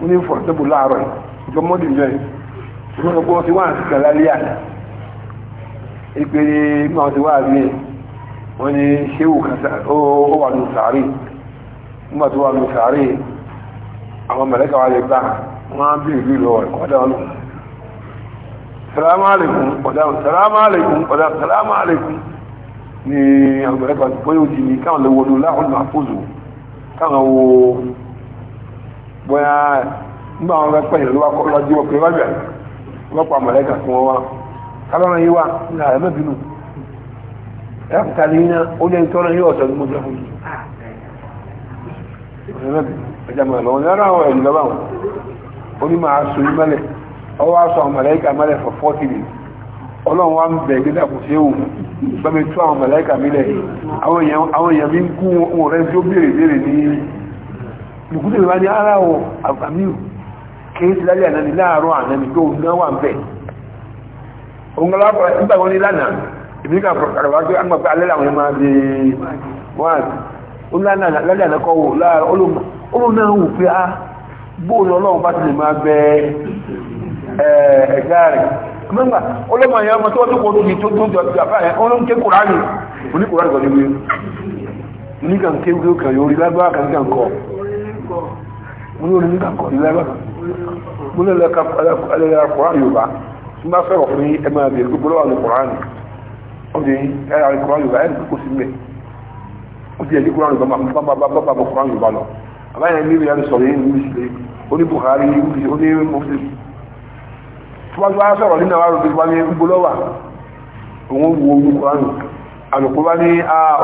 wọ́n ní fọ̀ tẹ́bù láàárọ̀ ìjọ mọ́dì jọ ìwọ́n gbọ́ sí wọ́n àti kàlá líà ìpele máa ti wá àgbé wọ́n ní ṣéwù kàtà ó wà ní sàárè nígbà tó wà ní sàárè àwọn mẹ̀lẹ́kà wà lè gbà wọ́n á bí ìlú lọ ọ̀dà ọ̀nà salamu alaikum ọ̀dà salamu alaikum ọ̀dà salamu alaikum ni àwọn mẹ̀lẹ́kà wà lè gbà bóyá ó ti ní káwọn lè wọlé láhùn bóyá nígbà wọn fẹ́ pẹ̀yìn lọ́wọ́ lọ́jọ́ fún wọn wá yìí wá ní ààrẹ ní iná ó yìí ọ̀sẹ̀ ní yìí ó ní máa sọ yìí mẹ́lẹ̀ mẹ́lẹ̀ ọlọ́run wá ń bẹ̀ ewu gbẹ́mi àwọn mílẹ̀ àwọn èèyàn mi ń kú wọn béèrè béèrè lùkútù ìwà ní ara ọ̀ àmìrù kéèsì lálẹ́ ànáni láàárọ̀ ànáni tó ń náwà ń bẹ̀ òun alábọ̀ nígbà wọn ní lánàá ìbí ká àrùbá pé àwọn àgbà alẹ́ làwọn máa bẹ wọn àti ó lánàá lálẹ́ ànákọ́ wò láàárọ̀ olóhùn náà wù pé á bóòlù ọlọ́run bá ti lè máa bẹ ẹ̀ẹ́dá mẹ́gbà olóòmọ̀ ẹ̀yà tó wọ́n tó kọ́ lórí tó tó jọ àbá ẹ̀ ọlọ́run kùránì oníkùránì kan ní wí oníkànké wúlò kan yóò rí lágbára kan ní kàn mo ní onígbà kan ní lẹ́gbẹ̀ẹ́ mo ní ẹlẹ́ka sọ̀rọ̀ yìí ní Buhari sọ̀rọ̀ nínú wá ní òun wo àrùn ní àà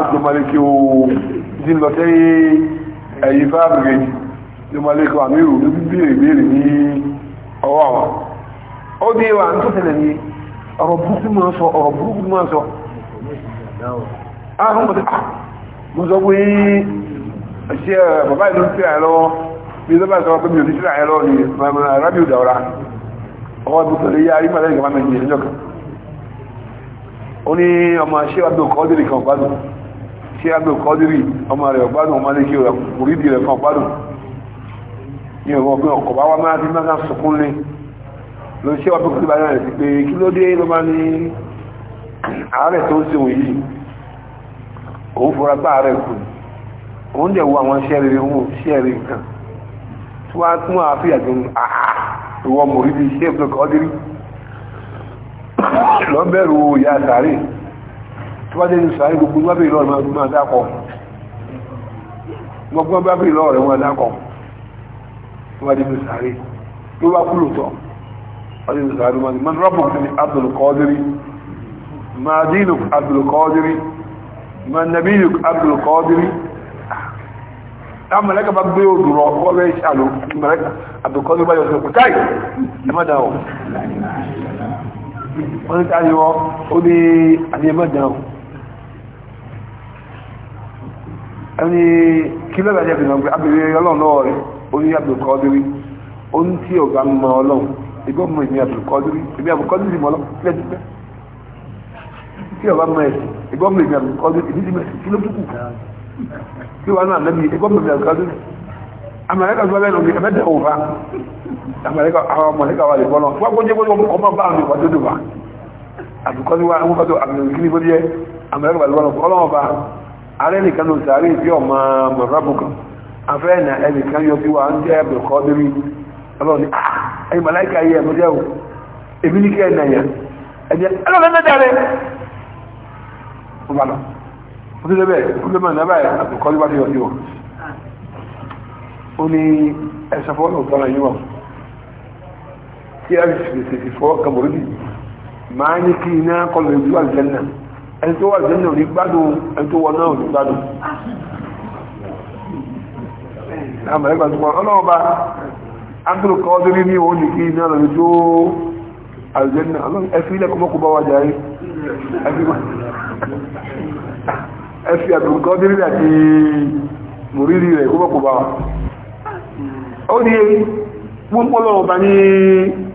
lọ ẹ̀yìn fáàbìrì ní ọmọlẹ́kọ̀ àmírù ló bí bèèrè ní ọwọ́ àwọn ó bí wà ń tó tẹ̀lẹ̀ ní ọ̀rọ̀ burúkú máa sọ ọ̀rọ̀ burúkú máa sọ ahùn mọ̀tí ah, mo sọ pé ṣe eh, bàbá ìlú ti rà bí sọ pé mi ò ni dàwọ́ra ọwọ́ bí yá ó ní ọmọ ṣe àgbẹ̀ kọ́dírì ọmọ rẹ̀ ọgbádùn ọmọ lè o orídì rẹ̀ kan ọgbádùn ní ọ̀rọ̀ pé ọkọ̀ bá wá máa fi máa sọkún lé ló ṣe wọ́n pé kí báyọ̀ rẹ̀ sí pé kí ló dé ló máa ní àárẹ̀ tó ń ṣe òun yìí òun fura pé àárẹ̀ kù òun dẹ̀ wo àwọn iṣẹ́ rere òun tó bá dẹ́nu sàárì gbogbo bábí lọ́rẹ̀ máa dákọ̀ gbogbo bábí lọ́rẹ̀ wọn dákọ̀ tó bá dẹ́nu sàárì ló bá kú lòtọ́ bá dẹ́nu sàárì wọn ni mọ́nrọ́bù ní Abdul Qadir ma dinuk Abdul Qadir ah, ní tàbí wọ́n ó ẹni kí lọ́dà jẹ́ bìnnà abèrè ọlọ́run lọ́wọ́ rẹ̀ oní abdulkadiri oní tí ọ̀gá mọ ọlọ́run ìgbọ́ mọ ìmí abdulkadiri ìmí abdulkadiri mọ ọlọ́run kílẹ̀ ti pẹ́ tí ọ̀gá mọ ẹ̀sìn ìgbọ́ mọ ìmí abdulkadiri ìdí ti mẹ́sìn kí ló dúkù kí wàá náà lẹ́bi ìgbọ́ mọ ìmí abdulkadiri amẹ́ríkà tó bẹ́ẹ̀ lọ́gbẹ́ ẹ̀mẹ́tẹ̀ wò fa amẹ́ríkà àwọn amẹ́ríkà wà lè bọ́ náà wọ́n kó jẹ́ kó ọmọ bá àmì wà tó dùn fa àbùkọ́ ni wọ́n fẹ́ tó àmì òkìlì bó jẹ́ amẹ́ríkà wà lè bọ́ ààrẹ nìkan ló sàárè bí ọmọ mọ̀rábùkù afẹ́ na ẹnìkan yọ bí wà ń jẹ́ ẹbẹ̀kọ́ lórí ọlọ́ni ah, ẹni màláìka yẹ ẹ̀mọ́ jẹ́ o èmi ní kẹ́ ẹ̀nàyà ẹ̀jẹ̀ ẹlọ́lẹ́ mẹ́ta rẹ̀ ọ̀bàlá ó lẹ́bẹ̀ẹ́ ó lẹ́mọ̀ náà báyìí àbùkọ́ ní ẹ̀sọ́ ẹni tó wà ìjẹ́nà ò gbádùn ẹni tó wọ náà ò gbádùn àmàlẹ́gbà tó wọ́n ọlọ́wọ́ bá ángùlù kọ́ lórí ní òun nìkí iná lọ́nà tó àìjẹ́nà ẹfí ilẹ̀ kọmọ́kù bá wà jàrí ẹfí àti mòrírí rẹ̀ kọmọ́kù bá wà ó ní